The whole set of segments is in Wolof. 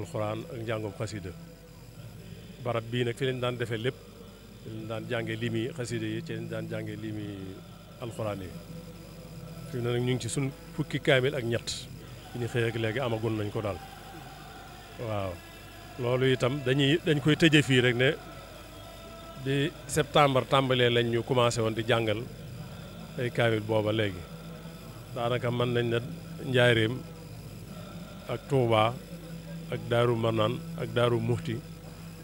alxuraan ak njàngum xasida barab bii nag fi lañ daan defee lépp fi lañ daan jàngee limi xasida yi ci lañ daan jàngee limi alxuraan yi fi mu ñu ngi ci suñ fukki kaamil ak ñett fi ñu xëy ak léegi amagun nañ ko daal waaw loolu itam dañuy dañ koy tëje fii rek ne di septembre tàmbalee lañ ñu commencé woon di jàngal ay kaamil booba léegi daanaka mën nañ na njaaréem ak Touba ak daaru manaan ak daaru muxti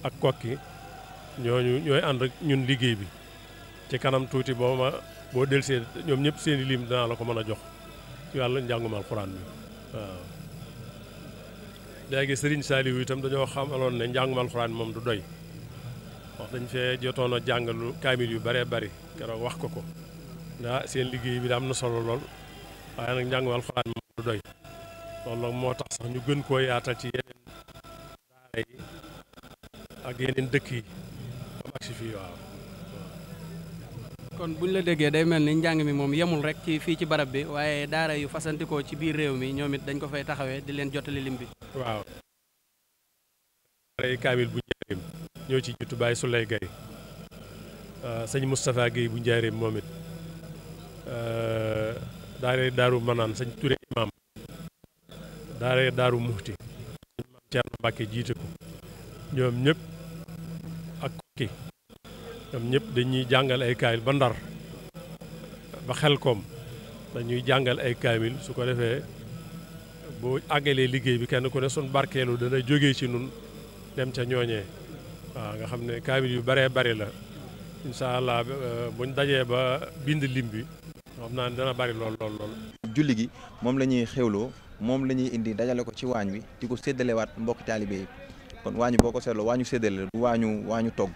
ak kokki ñooñu ñooy ànd ak ñun liggéey bi ci kanam tuuti boo ma boo delsee ñoom ñëpp seen i lim danaa la ko mën a jox ci wàllu njàngum alxuraan bi waaw léegi dañoo xamaloon ne njàngum moom du doy wax dañ fee jotoon a kaamil yu bare bari keroog wax ko ko ndaa seen liggéey bi da am na solo lool waaye nag njàngum alxuraan moom du doy loolu nag moo tax sax ñu gën koo yaatal ci ak yeneen dëkk yi am fii waaw. kon bu ñu la déggee day mel ni njàng mi moom yemul rek ci fii ci barab bi waaye daara yu fasantikoo ci biir réew mi ñoom it dañ ko fay taxawee di leen jottali lim bi. waaw. daara yi kaamil bu njaareem ñoo ci jiitu Baye Souley Gaye euh, sëñ Moustapha Guèye bu njaareem moom it euh, daara daaru manaan sëñ Touré Imaam daara daaru Muxti sëñ Maam Thierno Mbacke jiite ko ñoom ñëpp. ki ñoom ñëpp dañuy jàngale ay kaamil ba ndar ba xel koom dañuy jàngal ay kaamil su ko defee boo àggalee liggéey bi kenn ku ne sun barkeelu dana jógee ci nun dem ca ñooñee waaw nga xam ne kaamil yu baree bari la incha allah euh, buñ dajee ba bind lim bi xam naa ne dana bari lool lool julli gi moom la ñuy xewloo moom la ñuy indi dajale ko ci waañ wi di ko séddalewaat mbokki taalibe yi kon waañu boo ko seetloo waañu séddale du waañu waañu togg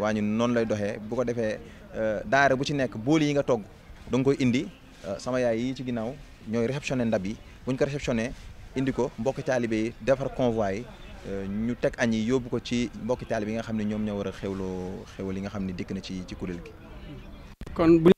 waañu noonu lay doxee bu ko defee euh, daara bu ci nekk booli yi nga togg da koy indi euh, sama yaay yi ci ginnaaw ñooy réceptionné ndab yi buñ ko réceptionné indi ko mbokki taalibe yi defar convoi yi euh, ñu teg añ yi yóbbu ko ci mbokki taalibe yi nga xam ne ñoom ñoo war a xewloo xewal yi nga xam ni dikk na ci ci kuréel gi kon bu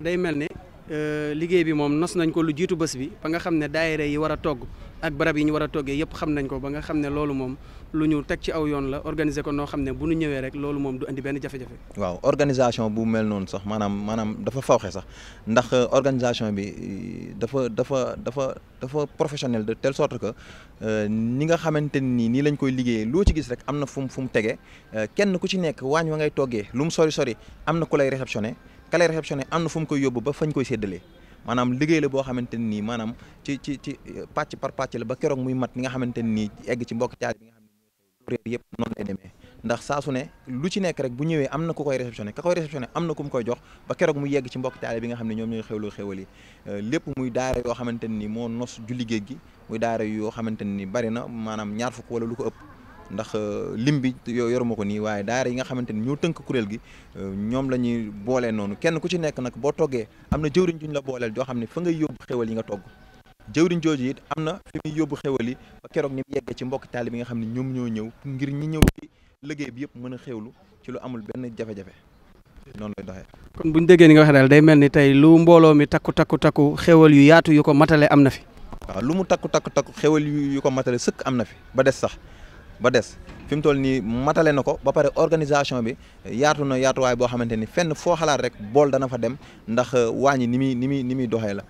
day mel ne Euh, liggéey bi moom nos nañ ko lu jiitu bés bi ba nga xam ne daayira yi war a togg ak barab yi ñu war a toggee yëpp xam nañ ko ba nga xam ne loolu moom lu ñu teg ci aw yoon la organiser ko noo xam ne bu nu ñëwee rek loolu moom du indi benn jafe-jafe. waaw organisation bu mel noonu sax maanaam maanaam dafa fawxe sax ndax euh, organisation bi euh, dafa dafa dafa dafa professionnel de telle sorte que ni nga xamante ni nii lañ koy liggéeyee loo ci gis rek am na fu mu fu mu tege kenn ku ci nekk waañ wa ngay toggee lu mu sori sori am na ku lay réceptionné. ka lay am na fu mu koy yóbbu ba fañ koy séddalee maanaam liggéey la boo xamante ne nii maanaam ci ci ci pàcc par pàcc la ba keroog muy mat ni nga xamante ne nii egg ci mbokk taal bi nga xam ne ñooy yëpp demee ndax saa su ne lu ci nekk rek bu ñëwee am na ku koy réceptionné ka koy réceptionné am na ku mu koy jox ba mu yegg ci mbokk taale bi nga xam ne ñoom ñooy xewloo xewal yi euh, lépp muy daara yoo xamante ne nii moo nos ju liggéey gi muy daara yoo xamante ne nii bari na maanaam ñaar fukk wala lu ko ëpp ndax euh, lim bi yoruma ko nii waaye daara yi nga xamante ni ñoo tënk kuréel gi euh, ñoom la ñuy boolee noonu kenn ku ci nekk nag boo toggee am na jëwriñ juñ la booleel joo xam ne fa ngay yóbbu xéwal yi nga togg jëwriñ jooju it am na fi muy yóbbu yi keroog ni mu ci mbokki taali bi nga xam ne ñoom ñoo ñëw ngir ñi ñëw ci liggéey bi yëpp mën a xéwlu ci lu amul benn jafe-jafe noonu kon bu ñu ni nga waxee daal day mel ni tey lu mbooloo mi takku takku takku xéwal yu yaatu yu ko matale am na fi. waaw lu mu takku takku takku xéwal yu ko matale sëkk am na fi ba des sax ba des fi mu toll nii matale na ko ba pare organisation bi yaatu na yaatuwaay boo xamante ni fenn foo xalaat rek bool dana fa dem ndax euh, waañi ni muy ni muy ni muy doxee la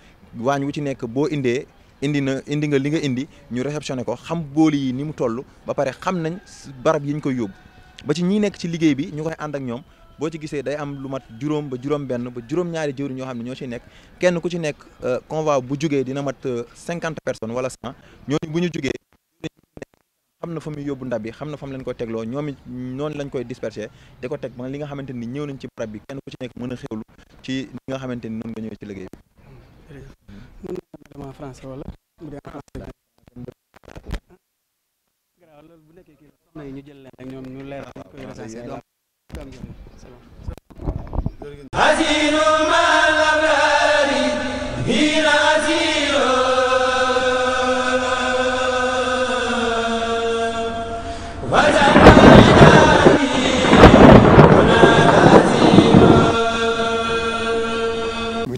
waañ wu ci nekk boo indee indi na indi nga li nga indi ñu réceptionné ko xam booli yi ni mu toll ba pare xam nañ barab yi ñu koy yóbbu ba ci ñi nekk ci liggéey bi ñu koy ànd ak ñoom boo ci gisee day am lu mat juróom ba juróom benn ba juróom ñaari jëwriñ ñoo xam ne ñoo ciy nekk kenn ku ci nekk euh, convoi bu jugee dina mat euh, cinquante personnes wala cent bu ñu jugee xam na fa muy yóbbu ndab yi xam na fa mu leen koy tegloo ñoom noonu lañ koy disperser di ko teg ba li nga xamante ni ñëw nañ ci barab bi kenn ku ci nekk mën a xewlu ci li nga xamante ni noonu nga ñëwee ci liggéey bi. bu nekkee kii ñu jël leen ak ñoom ñu leeral koy recensé